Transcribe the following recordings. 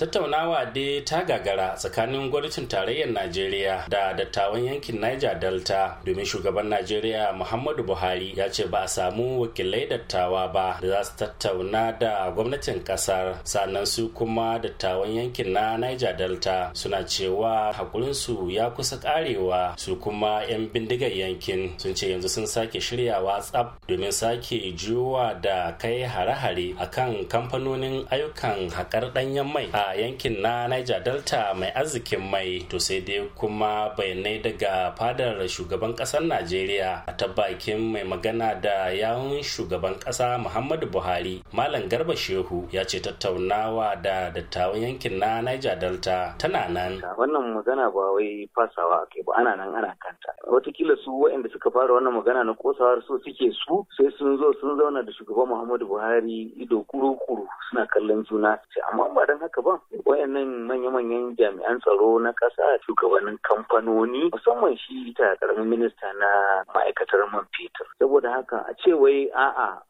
tattaunawa dai ta gagara tsakanin gwamnatin tarayyar najeriya da dattawan yankin niger delta domin shugaban najeriya muhammadu buhari ya ce ba a samu wakilai dattawa ba da za su tattauna da gwamnatin kasar sannan su kuma dattawan yankin na niger delta suna cewa hakurinsu ya kusa karewa su kuma 'yan bindigar yankin sun ce yanzu sun sake shiryawa tsab domin sake juwa da kai hare-hare akan kamfanonin ayyukan haƙar ɗanyen mai a A yankin na niger delta mai arzikin mai to sai dai kuma bayanai daga fadar shugaban kasar najeriya a ta bakin mai magana da yawun shugaban kasa muhammadu buhari malam garba shehu ya ce tattaunawa da dattawan yankin na niger delta tana nan wannan magana ba wai fasawa ake ba ana nan ana kanta watakila su waɗanda suka fara wannan magana na kosawar so suke su sai sun zo sun zauna da shugaban Muhammadu Buhari ido kuru-kuru suna kallon juna sai amma ba don haka ba wayannan manya-manyan jami'an tsaro na ƙasa shugabannin kamfanoni musamman shi ta karamin minista na ma'aikatar man fetur saboda haka a ce wai a'a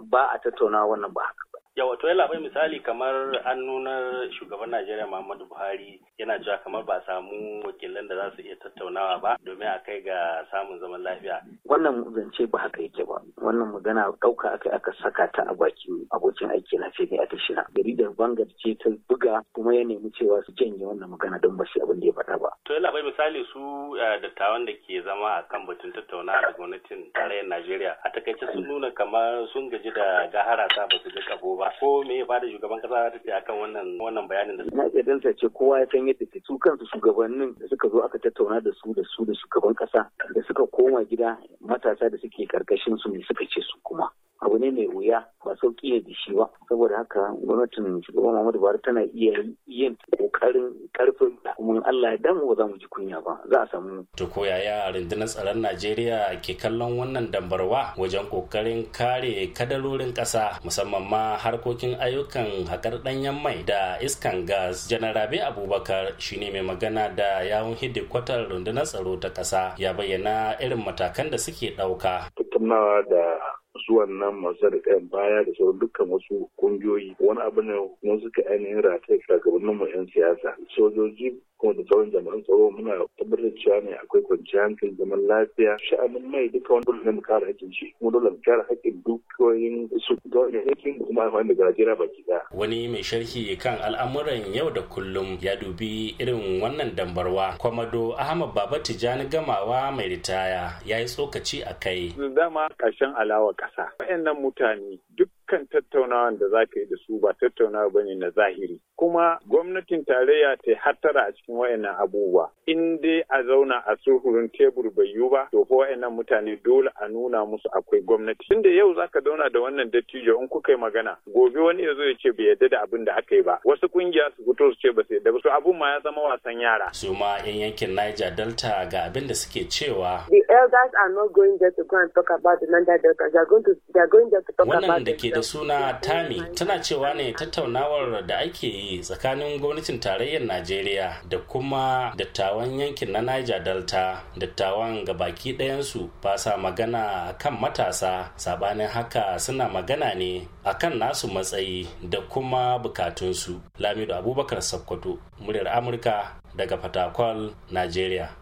ba a tattauna wannan ba yau to bai misali kamar an nuna shugaban najeriya muhammadu buhari yana cewa kamar ba samu wakilan da za su iya tattaunawa ba domin a kai ga samun zaman lafiya wannan zance ba haka yake ba wannan magana ɗauka aka aka saka ta a bakin abokin aiki na fiye a tashina jaridar bangar ce ta buga kuma ya nemi cewa su janye wannan magana don ba shi abin da ya faɗa ba to Allah bai misali su eh, dattawan da ke zama a kan batun tattauna da gwamnatin tarayyar Najeriya a takaice sun nuna kamar sun gaji da gahara ta ba su ga kabo ba ko me ya bada shugaban kasa ta ce akan wannan wannan bayanin da su? na kadan ta ce kowa ya san yadda su kansu shugabannin da suka zo aka tattauna da su da su da shugaban kasa da suka koma gida matasa da suke karkashin su ne suka ce su kuma abu ne mai wuya ba sauki ne da shi ba saboda haka gwamnatin shugaban Muhammadu Buhari tana iya yin kokarin karfin kuma Allah ya damu ba za mu ji kunya ba za a samu. To ko yaya rundunar tsaron Najeriya ke kallon wannan dambarwa wajen kokarin kare kadarorin ƙasa musamman ma harkokin ayyukan haƙar ɗanyen mai da iskan gas. Janar Rabi Abubakar shine mai magana da yawun hidikwatar rundunar tsaro ta ƙasa ya bayyana irin matakan da suke ɗauka. Tattaunawa da zuwan nan masu da kayan baya da sauran dukkan wasu kungiyoyi wani abu ne mun suka ainihin rataye shugabannin mu 'yan siyasa sojoji kuma da sauran jami'an tsaro muna tabbatar cewa ne akwai kwanciyar hankali zaman lafiya sha'anin mai duka wani dole ne mu kare haƙƙin shi kuma dole mu kare haƙƙin dukiyoyin su ga wani hakkin kuma wani da gajera baki daya. wani mai sharhi kan al'amuran yau da kullum ya dubi irin wannan dambarwa kwamado ahmad baba tijani gamawa mai ritaya ya yi tsokaci a kai. dama ƙarshen alawa ƙasa. nan mutane duk kan tattaunawan da za ka yi da su ba tattaunawa ba ne na zahiri. Kuma gwamnatin tarayya ta hattara a cikin wayannan abubuwa. In dai a zauna a suhurin tebur bai yiwu ba, to ko wayannan mutane dole a nuna musu akwai gwamnati. Tunda yau za ka zauna da wannan dattijo in kuka yi magana, gobe wani ya zo ya ce bai yarda da abin da aka yi ba. Wasu kungiya su fito su ce ba su yadda ba, su abun ma ya zama wasan yara. Su ma 'yan yankin Niger Delta ga abin da suke cewa. elders are not going there to go and talk about the Niger Delta. They are going to they are going there to talk Wannan about da ke da suna Tami tana cewa ne tattaunawar da ake yi tsakanin gwamnatin tarayyar Najeriya da kuma dattawan yankin na Niger Delta dattawan ga baki ɗayansu ba sa magana kan matasa sabanin haka suna magana ne akan nasu matsayi da kuma bukatunsu. Lamido Abubakar Sokoto, muryar Amurka daga Fatakwal, Najeriya.